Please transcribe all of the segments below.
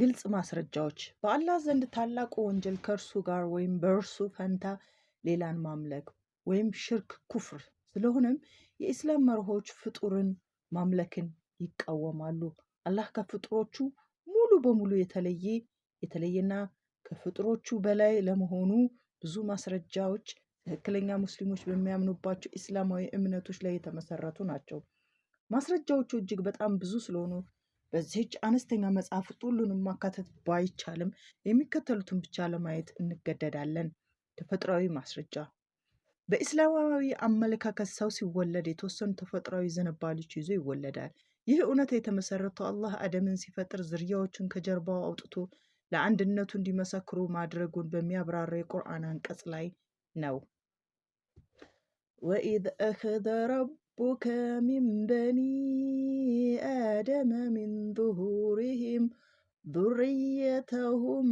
ግልጽ ማስረጃዎች በአላህ ዘንድ ታላቁ ወንጀል ከእርሱ ጋር ወይም በእርሱ ፈንታ ሌላን ማምለክ ወይም ሽርክ ኩፍር ስለሆነም የኢስላም መርሆች ፍጡርን ማምለክን ይቃወማሉ። አላህ ከፍጡሮቹ ሙሉ በሙሉ የተለየ የተለየና ከፍጡሮቹ በላይ ለመሆኑ ብዙ ማስረጃዎች ትክክለኛ ሙስሊሞች በሚያምኑባቸው ኢስላማዊ እምነቶች ላይ የተመሰረቱ ናቸው። ማስረጃዎቹ እጅግ በጣም ብዙ ስለሆኑ በዚህች አነስተኛ መጽሐፍ ሁሉንም ማካተት ባይቻልም የሚከተሉትን ብቻ ለማየት እንገደዳለን። ተፈጥሯዊ ማስረጃ በኢስላማዊ አመለካከት ሰው ሲወለድ የተወሰኑ ተፈጥሯዊ ዝንባሌዎች ይዞ ይወለዳል። ይህ እውነት የተመሰረተው አላህ አደምን ሲፈጥር ዝርያዎቹን ከጀርባው አውጥቶ ለአንድነቱ እንዲመሰክሩ ማድረጉን በሚያብራራ የቁርአን አንቀጽ ላይ ነው። ወኢዝ አኸዘ ረቡ ربك من بني آدم من ظهورهم ذريتهم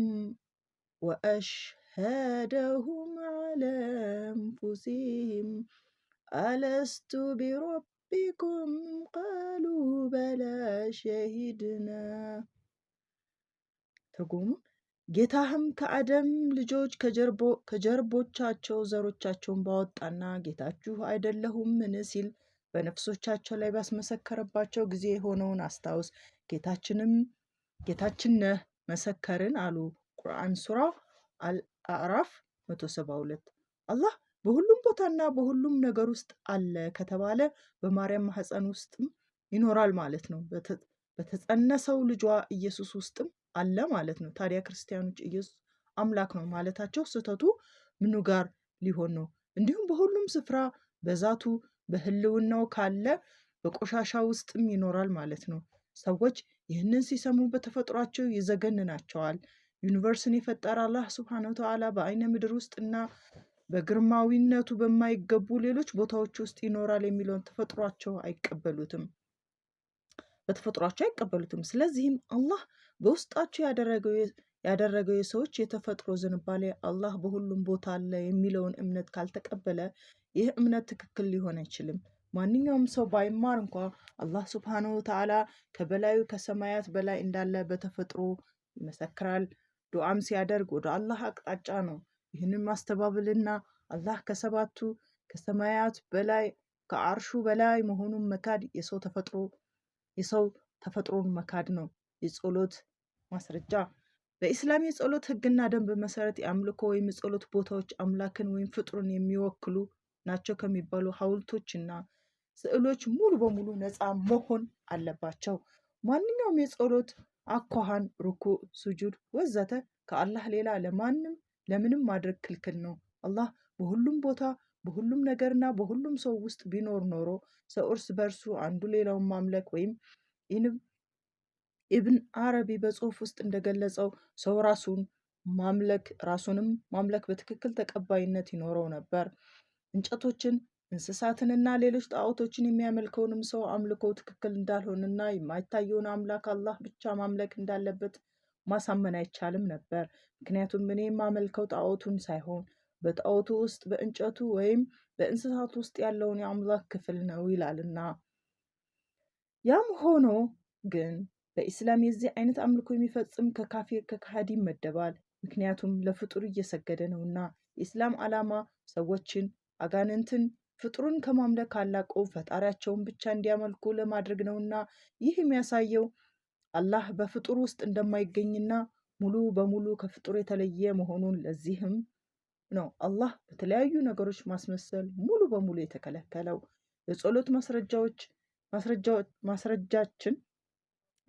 وأشهدهم على أنفسهم ألست بربكم قالوا بلى شهدنا ትርጉሙ ጌታህም ከአደም ልጆች ከጀርቦቻቸው ዘሮቻቸውን ባወጣና ጌታችሁ አይደለሁምን ሲል በነፍሶቻቸው ላይ ባስመሰከረባቸው ጊዜ የሆነውን አስታውስ፣ ጌታችንም ጌታችን ነህ መሰከርን አሉ። ቁርአን ሱራ አዕራፍ 172 አላህ በሁሉም ቦታና በሁሉም ነገር ውስጥ አለ ከተባለ በማርያም ማህፀን ውስጥም ይኖራል ማለት ነው። በተጸነሰው ልጇ ኢየሱስ ውስጥም አለ ማለት ነው። ታዲያ ክርስቲያኖች ኢየሱስ አምላክ ነው ማለታቸው ስህተቱ ምኑ ጋር ሊሆን ነው? እንዲሁም በሁሉም ስፍራ በዛቱ በህልውናው ካለ በቆሻሻ ውስጥም ይኖራል ማለት ነው። ሰዎች ይህንን ሲሰሙ በተፈጥሯቸው ይዘገንናቸዋል። ዩኒቨርስን የፈጠረ አላህ ስብሓነ ወተዓላ በአይነ ምድር እና በግርማዊነቱ በማይገቡ ሌሎች ቦታዎች ውስጥ ይኖራል የሚለውን ተፈጥሯቸው አይቀበሉትም። በተፈጥሯቸው አይቀበሉትም። ስለዚህም አላህ በውስጣቸው ያደረገው ያደረገው የሰዎች የተፈጥሮ ዝንባሌ አላህ በሁሉም ቦታ አለ የሚለውን እምነት ካልተቀበለ ይህ እምነት ትክክል ሊሆን አይችልም። ማንኛውም ሰው ባይማር እንኳ አላህ ሱብሃነሁ ወተዓላ ከበላዩ ከሰማያት በላይ እንዳለ በተፈጥሮ ይመሰክራል። ዱዓም ሲያደርግ ወደ አላህ አቅጣጫ ነው። ይህንን ማስተባበልና አላህ ከሰባቱ ከሰማያት በላይ ከአርሹ በላይ መሆኑን መካድ የሰው ተፈጥሮ የሰው ተፈጥሮን መካድ ነው። የጸሎት ማስረጃ በኢስላም የጸሎት ህግና ደንብ መሰረት የአምልኮ ወይም የጸሎት ቦታዎች አምላክን ወይም ፍጥሩን የሚወክሉ ናቸው ከሚባሉ ሐውልቶችና ስዕሎች ሙሉ በሙሉ ነፃ መሆን አለባቸው። ማንኛውም የጸሎት አኳኋን፣ ሩኩ ሱጁድ ወዘተ ከአላህ ሌላ ለማንም ለምንም ማድረግ ክልክል ነው። አላህ በሁሉም ቦታ በሁሉም ነገርና በሁሉም ሰው ውስጥ ቢኖር ኖሮ ሰው እርስ በእርሱ አንዱ ሌላውን ማምለክ ወይም ኢብን አረቢ በጽሑፍ ውስጥ እንደገለጸው ሰው ራሱን ማምለክ ራሱንም ማምለክ በትክክል ተቀባይነት ይኖረው ነበር። እንጨቶችን እንስሳትንና ሌሎች ጣዖቶችን የሚያመልከውንም ሰው አምልኮ ትክክል እንዳልሆነና የማይታየውን አምላክ አላህ ብቻ ማምለክ እንዳለበት ማሳመን አይቻልም ነበር። ምክንያቱም እኔ የማመልከው ጣዖቱን ሳይሆን በጣዖቱ ውስጥ በእንጨቱ ወይም በእንስሳት ውስጥ ያለውን የአምላክ ክፍል ነው ይላልና። ያም ሆኖ ግን በኢስላም የዚህ አይነት አምልኮ የሚፈጽም ከካፊር ከካሃዲ ይመደባል። ምክንያቱም ለፍጡር እየሰገደ ነውና። የኢስላም ዓላማ ሰዎችን አጋንንትን ፍጡሩን ከማምለክ አላቀው ፈጣሪያቸውን ብቻ እንዲያመልኩ ለማድረግ ነውና ይህ የሚያሳየው አላህ በፍጡር ውስጥ እንደማይገኝና ሙሉ በሙሉ ከፍጡር የተለየ መሆኑን ለዚህም ነው አላህ በተለያዩ ነገሮች ማስመሰል ሙሉ በሙሉ የተከለከለው። የጸሎት ማስረጃዎች ማስረጃችን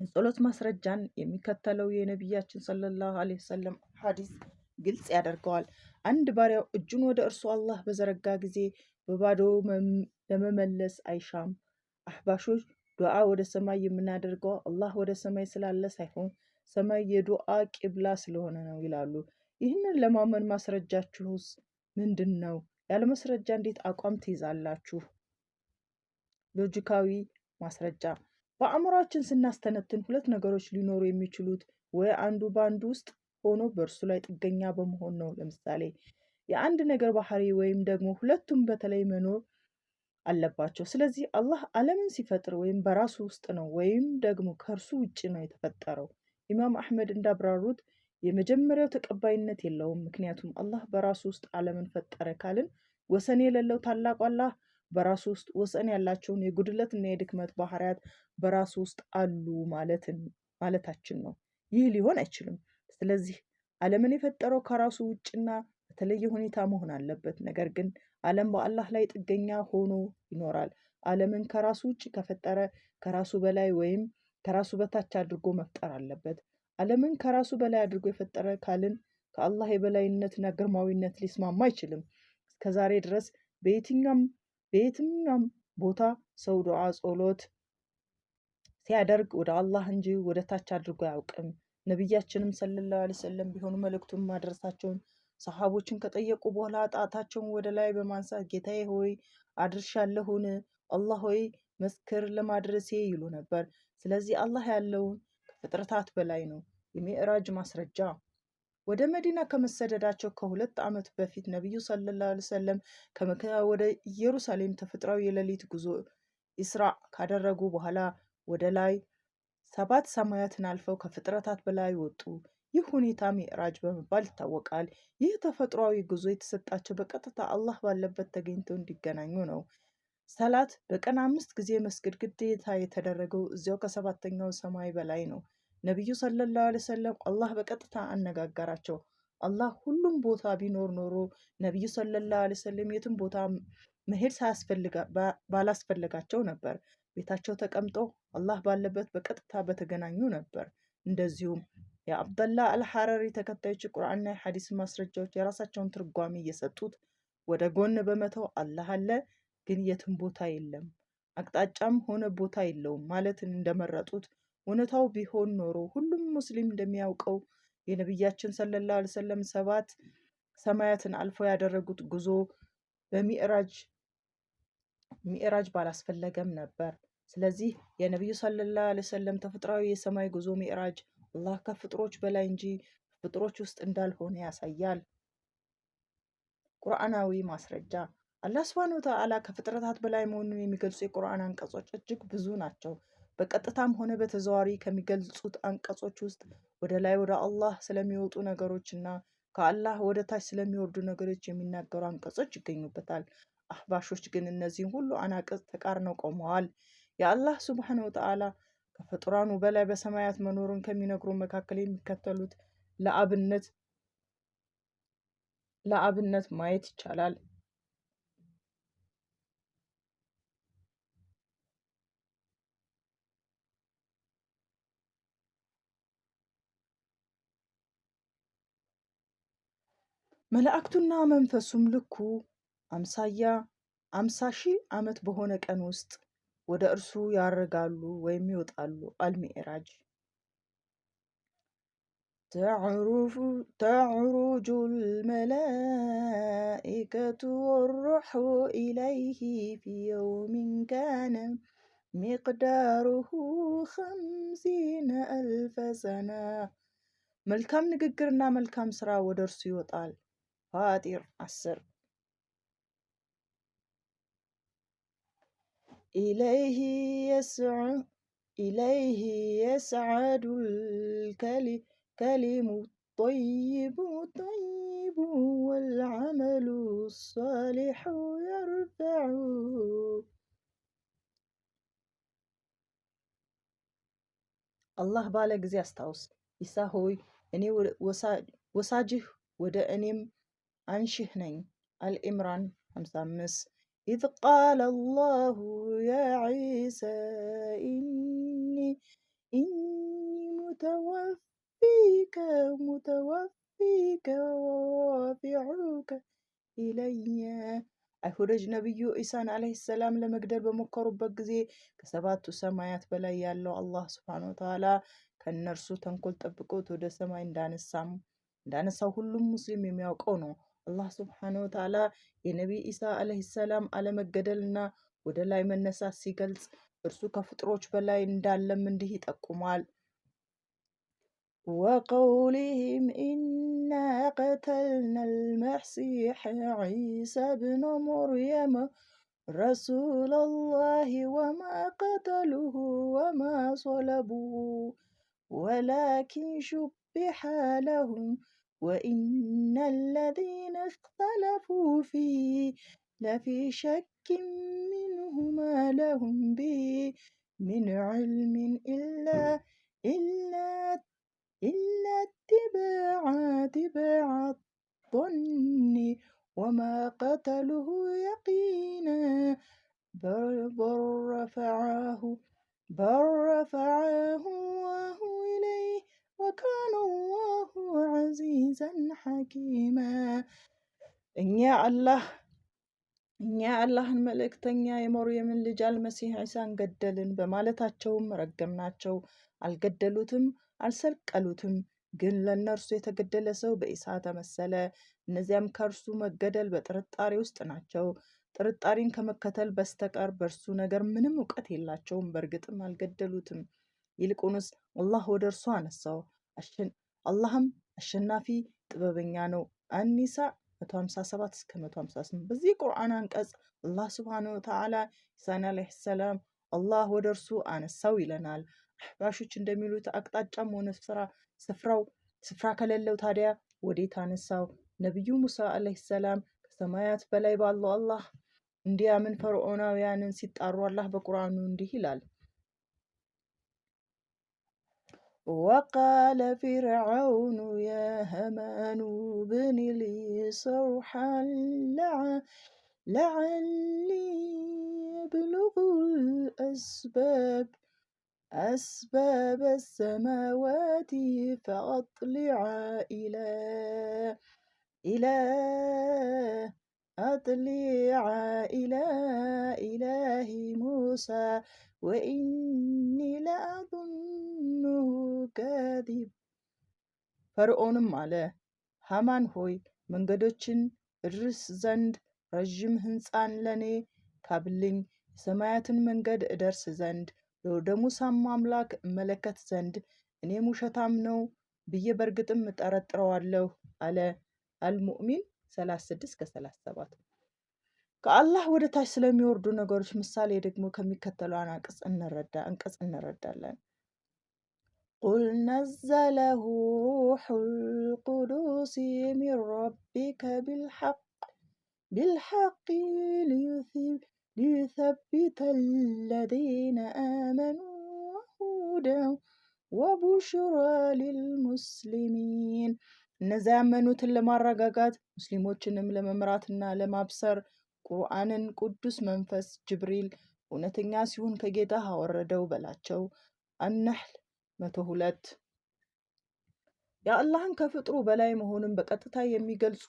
የጸሎት ማስረጃን የሚከተለው የነቢያችን ሰለላሁ ዐለይሂ ወሰለም ሐዲስ ግልጽ ያደርገዋል። አንድ ባሪያው እጁን ወደ እርሱ አላህ በዘረጋ ጊዜ በባዶ ለመመለስ አይሻም። አህባሾች ዱዓ ወደ ሰማይ የምናደርገው አላህ ወደ ሰማይ ስላለ ሳይሆን ሰማይ የዱዓ ቂብላ ስለሆነ ነው ይላሉ። ይህንን ለማመን ማስረጃችሁስ ምንድን ነው? ያለ ማስረጃ እንዴት አቋም ትይዛላችሁ? ሎጂካዊ ማስረጃ በአእምሯችን ስናስተነትን ሁለት ነገሮች ሊኖሩ የሚችሉት ወይ አንዱ በአንዱ ውስጥ ሆኖ በእርሱ ላይ ጥገኛ በመሆን ነው። ለምሳሌ የአንድ ነገር ባህሪ ወይም ደግሞ ሁለቱም በተለይ መኖር አለባቸው። ስለዚህ አላህ ዓለምን ሲፈጥር ወይም በራሱ ውስጥ ነው ወይም ደግሞ ከእርሱ ውጭ ነው የተፈጠረው። ኢማም አህመድ እንዳብራሩት የመጀመሪያው ተቀባይነት የለውም። ምክንያቱም አላህ በራሱ ውስጥ ዓለምን ፈጠረ ካልን ወሰን የሌለው ታላቁ አላህ በራሱ ውስጥ ወሰን ያላቸውን የጉድለትና የድክመት ባህሪያት በራሱ ውስጥ አሉ ማለትን ማለታችን ነው። ይህ ሊሆን አይችልም። ስለዚህ ዓለምን የፈጠረው ከራሱ ውጭና በተለየ ሁኔታ መሆን አለበት። ነገር ግን ዓለም በአላህ ላይ ጥገኛ ሆኖ ይኖራል። ዓለምን ከራሱ ውጭ ከፈጠረ ከራሱ በላይ ወይም ከራሱ በታች አድርጎ መፍጠር አለበት። ዓለምን ከራሱ በላይ አድርጎ የፈጠረ ካልን ከአላህ የበላይነትና ግርማዊነት ሊስማማ አይችልም። እስከዛሬ ድረስ በየትኛም በየትኛም ቦታ ሰው ዱዓ ጸሎት ሲያደርግ ወደ አላህ እንጂ ወደ ታች አድርጎ አያውቅም። ነቢያችንም ሰለላሁ ዐለይሂ ወሰለም ቢሆኑ መልእክቱን ማድረሳቸውን ሰሃቦችን ከጠየቁ በኋላ ጣታቸውን ወደ ላይ በማንሳት ጌታዬ ሆይ አድርሻለሁን፣ አላህ ሆይ መስክር ለማድረሴ ይሉ ነበር። ስለዚህ አላህ ያለውን ከፍጥረታት በላይ ነው። የሚዕራጅ ማስረጃ ወደ መዲና ከመሰደዳቸው ከሁለት ዓመት በፊት ነቢዩ ሰለላሁ ዐለይሂ ወሰለም ከመካ ወደ ኢየሩሳሌም ተፈጥሯዊ የሌሊት ጉዞ ኢስራ ካደረጉ በኋላ ወደ ላይ ሰባት ሰማያትን አልፈው ከፍጥረታት በላይ ወጡ። ይህ ሁኔታ ሚዕራጅ በመባል ይታወቃል። ይህ ተፈጥሯዊ ጉዞ የተሰጣቸው በቀጥታ አላህ ባለበት ተገኝተው እንዲገናኙ ነው። ሰላት በቀን አምስት ጊዜ መስገድ ግዴታ የተደረገው እዚያው ከሰባተኛው ሰማይ በላይ ነው። ነቢዩ ሰለላሁ ዐለይሂ ወሰለም አላህ በቀጥታ አነጋገራቸው። አላህ ሁሉም ቦታ ቢኖር ኖሮ ነቢዩ ሰለላሁ ዐለይሂ ወሰለም የትም ቦታ መሄድ ባላስፈልጋቸው ነበር። ቤታቸው ተቀምጦ አላህ ባለበት በቀጥታ በተገናኙ ነበር። እንደዚሁም የአብደላ አልሐረሪ ተከታዮች ቁርአንና የሐዲስ ማስረጃዎች የራሳቸውን ትርጓሜ እየሰጡት ወደ ጎን በመተው አላህ አለ ግን የትም ቦታ የለም፣ አቅጣጫም ሆነ ቦታ የለውም ማለት እንደመረጡት እውነታው ቢሆን ኖሮ ሁሉም ሙስሊም እንደሚያውቀው የነቢያችን ሰለላሁ ዐለይሂ ወሰለም ሰባት ሰማያትን አልፎ ያደረጉት ጉዞ በሚዕራጅ ሚዕራጅ ባላስፈለገም ነበር። ስለዚህ የነቢዩ ሰለላሁ ዐለይሂ ወሰለም ተፈጥሯዊ የሰማይ ጉዞ ሚዕራጅ አላህ ከፍጥሮች በላይ እንጂ ፍጥሮች ውስጥ እንዳልሆነ ያሳያል። ቁርአናዊ ማስረጃ አላህ ስብሐነ ወተዓላ ከፍጥረታት በላይ መሆኑን የሚገልጹ የቁርአን አንቀጾች እጅግ ብዙ ናቸው። በቀጥታም ሆነ በተዘዋሪ ከሚገልጹት አንቀጾች ውስጥ ወደ ላይ ወደ አላህ ስለሚወጡ ነገሮች እና ከአላህ ወደ ታች ስለሚወርዱ ነገሮች የሚናገሩ አንቀጾች ይገኙበታል። አህባሾች ግን እነዚህን ሁሉ አናቅጽ ተቃርነው ቆመዋል። የአላህ ስብሓን ወተዓላ ከፍጡራኑ በላይ በሰማያት መኖሩን ከሚነግሩ መካከል የሚከተሉት ለአብነት ለአብነት ማየት ይቻላል። መላእክቱና መንፈሱም ልኩ አምሳያ አምሳ ሺህ ዓመት በሆነ ቀን ውስጥ ወደ እርሱ ያርጋሉ ወይም ይወጣሉ። አልሚዕራጅ ተዕሩጁ ልመላኢከቱ ወሩሑ ኢለይህ ፊ የውሚን ካነ ሚቅዳሩሁ ከምሲነ አልፈ ሰና። መልካም ንግግርና መልካም ስራ ወደ እርሱ ይወጣል። ፋጢር አስር إليه يسع إليه يسعد الكلم الطيب طيب والعمل الصالح يرفع الله بالك زي استاوس إسا هوي أني وساجه ودأنيم أنشهنين الإمران 55 إذ قال الله يا عيسى إني إني متوفيك متوفيك ورافعك إلي አይሁዶች ነቢዩ ኢሳን ዓለይሂ ሰላም ለመግደል በሞከሩበት ጊዜ ከሰባቱ ሰማያት በላይ ያለው አላህ ስብሓነ ወተዓላ ከእነርሱ ተንኮል ጠብቆት ወደ ሰማይ እንዳነሳም እንዳነሳው ሁሉም ሙስሊም የሚያውቀው ነው። الله سبحانه وتعالى ينبي إساء عليه السلام على مجدلنا ودلائي من نساس سيقلز إرسو كفتروش بلاي ندال من ديه تقومال وقولهم إنا قتلنا المحسيح عيسى بن مريم رسول الله وما قتلوه وما صلبوه ولكن شبح لهم وإن الذين اختلفوا فيه لفي شك منه ما لهم به من علم إلا إلا إلا اتباع اتباع الظن وما قتله يقينا بل, رفعه بل رفعه وهو ወካነ አላሁ ዐዚዘን ሐኪማ። እኛ አላህ እኛ አላህን መልእክተኛ የመርየምን ልጅ አልመሲህ ዒሳን ገደልን በማለታቸውም ረገምናቸው። አልገደሉትም፣ አልሰቀሉትም። ግን ለእነርሱ የተገደለ ሰው በኢሳ ተመሰለ። እነዚያም ከእርሱ መገደል በጥርጣሬ ውስጥ ናቸው። ጥርጣሬን ከመከተል በስተቀር በእርሱ ነገር ምንም እውቀት የላቸውም። በእርግጥም አልገደሉትም። ይልቁንስ አላህ ወደ እርሱ አነሳው። አላህም አሸናፊ ጥበበኛ ነው። አኒሳ 157 እስከ 158 በዚህ ቁርአን አንቀጽ አላህ ስብሓነሁ ወተዓላ ኢሳን ዓለይሂ ሰላም አላህ ወደ እርሱ አነሳው ይለናል። አህባሾች እንደሚሉት አቅጣጫም ሆነ ስፍራ ስፍራው ስፍራ ከሌለው ታዲያ ወዴት አነሳው? ነቢዩ ሙሳ ዓለይሂ ሰላም ከሰማያት በላይ ባለው አላህ እንዲያምን ፈርዖናውያንን ሲጣሩ አላህ በቁርአኑ እንዲህ ይላል። وقال فرعون يا همان ابن لي صرحا لعلي أبلغ الأسباب أسباب السماوات فأطلع إلى إله أطلع إلى إله موسى ወኢኒ ለአظኑሁ ከዚብ ፈርዖንም አለ ሃማን ሆይ መንገዶችን እርስ ዘንድ ረዥም ህንፃን ለእኔ ካብልኝ የሰማያትን መንገድ እደርስ ዘንድ ለወደ ሙሳም አምላክ እመለከት ዘንድ እኔም ውሸታም ነው ብዬ በርግጥም እጠረጥረዋለሁ አለ አልሙእሚን ሰላሳ ስድስት ከሰላሳ ሰባት ከአላህ ወደ ታች ስለሚወርዱ ነገሮች ምሳሌ ደግሞ ከሚከተለው አንቀጽ እንረዳ እንቀጽ እንረዳለን። ቁል ነዘለሁ ሩሑል ቁዱስ ሚን ረቢከ ቢልሐቅ ቢልሐቅ ሊዩሰቢተ አለዚነ አመኑ ወሁደን ወቡሽራ ሊልሙስሊሚን እነዚያ ያመኑትን ለማረጋጋት ሙስሊሞችንም ለመምራትና ለማብሰር ቁርአንን ቅዱስ መንፈስ ጅብሪል እውነተኛ ሲሆን ከጌታ አወረደው በላቸው። አነህል መቶ ሁለት የአላህን ከፍጥሩ በላይ መሆኑን በቀጥታ የሚገልጹ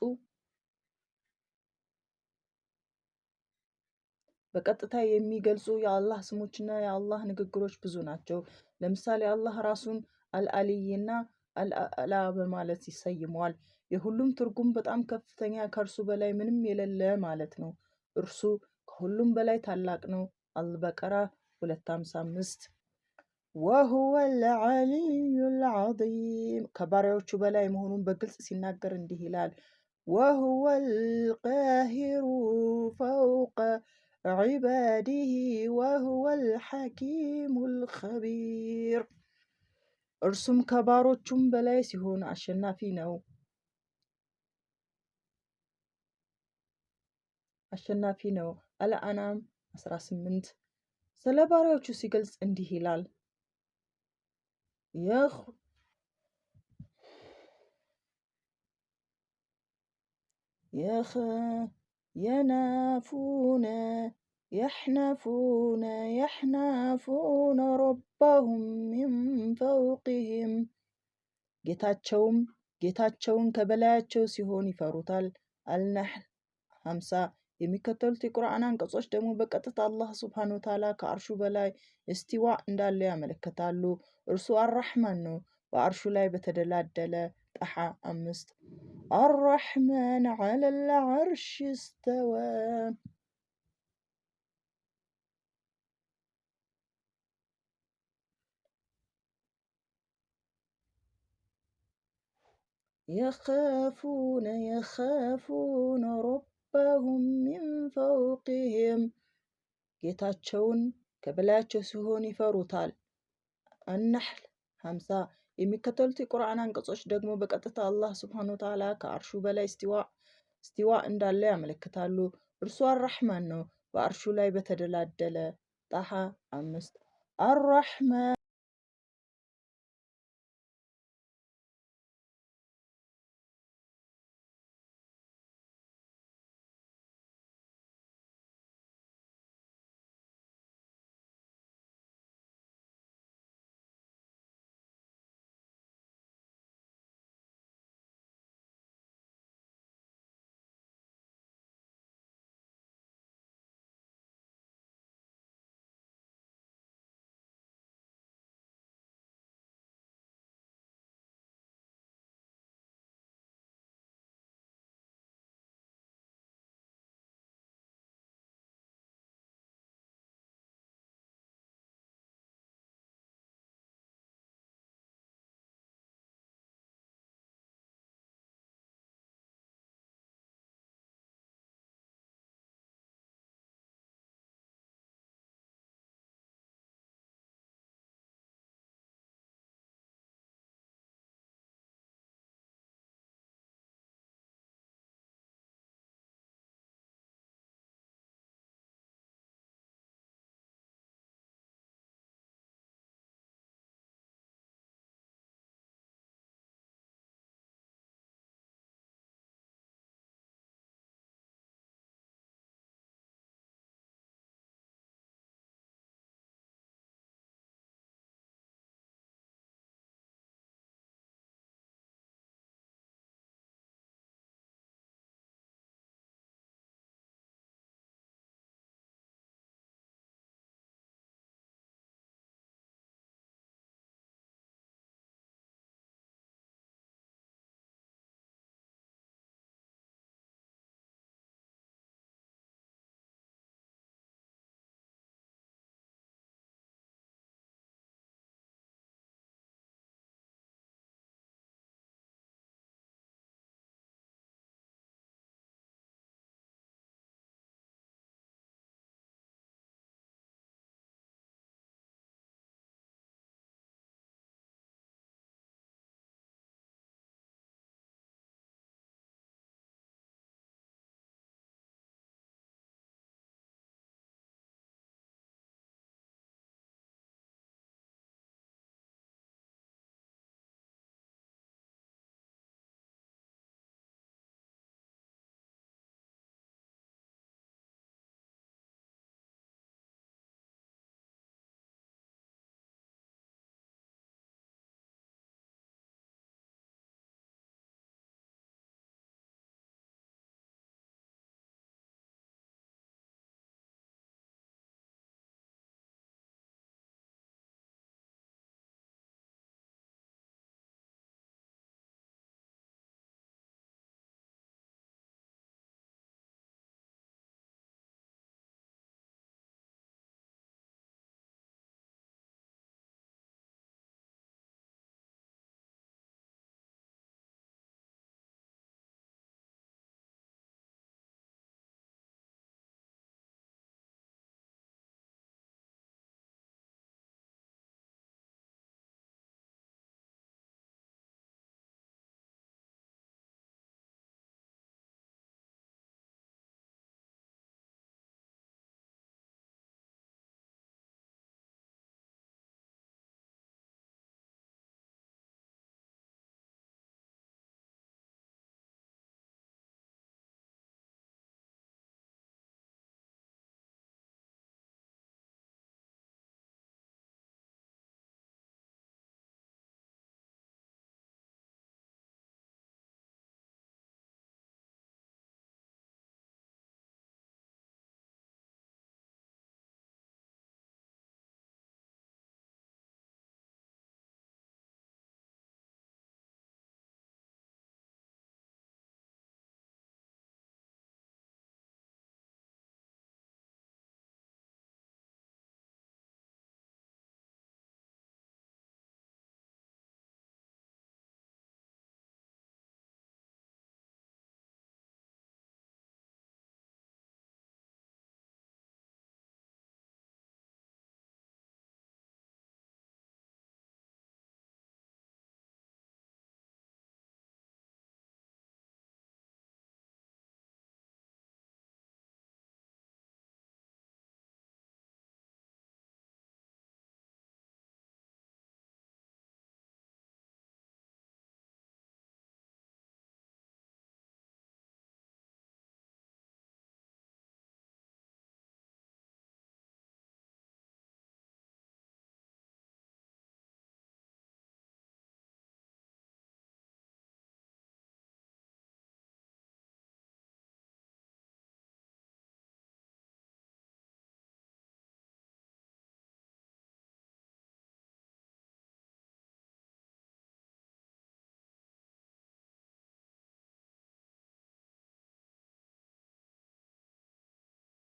በቀጥታ የሚገልጹ የአላህ ስሞችና የአላህ ንግግሮች ብዙ ናቸው። ለምሳሌ አላህ ራሱን አልአልይና አልአላ በማለት ይሰይመዋል። የሁሉም ትርጉም በጣም ከፍተኛ፣ ከእርሱ በላይ ምንም የሌለ ማለት ነው። እርሱ ከሁሉም በላይ ታላቅ ነው። አልበቀራ 255 ወሁወ ልዓሊዩል ዓዚም ከባሪያዎቹ በላይ መሆኑን በግልጽ ሲናገር እንዲህ ይላል። ወሁወ ልቃሂሩ ፈውቀ ዒባዲሂ ወሁወ ልሐኪሙ ልኸቢር እርሱም ከባሮቹም በላይ ሲሆን አሸናፊ ነው። አሸናፊ ነው። አልዓናም 18 ስለ ባሪያዎቹ ሲገልጽ እንዲህ ይላል ይህ ይህ የናፉነ የሕነፉነ የሕናፉነ ረብ ረባሁም ሚን ፈውቅህም ጌታቸውም ጌታቸውን ከበላያቸው ሲሆን ይፈሩታል። አልነህል 50 የሚከተሉት የቁርአን አንቀጾች ደግሞ በቀጥታ አላህ ስብሓን ወተዓላ ከአርሹ በላይ እስቲዋ እንዳለው ያመለክታሉ። እርሱ አራሕማን ነው፣ በአርሹ ላይ በተደላደለ ጠሓ። አምስት አራሕማን ዐለል ዐርሽ እስተዋ يخافون يخافون ربهم من ፈውቅህም ጌታቸውን ከበላያቸው ሲሆን ይፈሩታል። አናሕል ሀምሳ የሚከተሉት የቁርአን አንቀጾች ደግሞ በቀጥታ አላህ ስብሓን ወተዓላ ከአርሹ በላይ ስቲዋ እንዳለ ያመለክታሉ። እርሱ አራሕማን ነው፣ በአርሹ ላይ በተደላደለ ጣሃ አምስት አራሕማን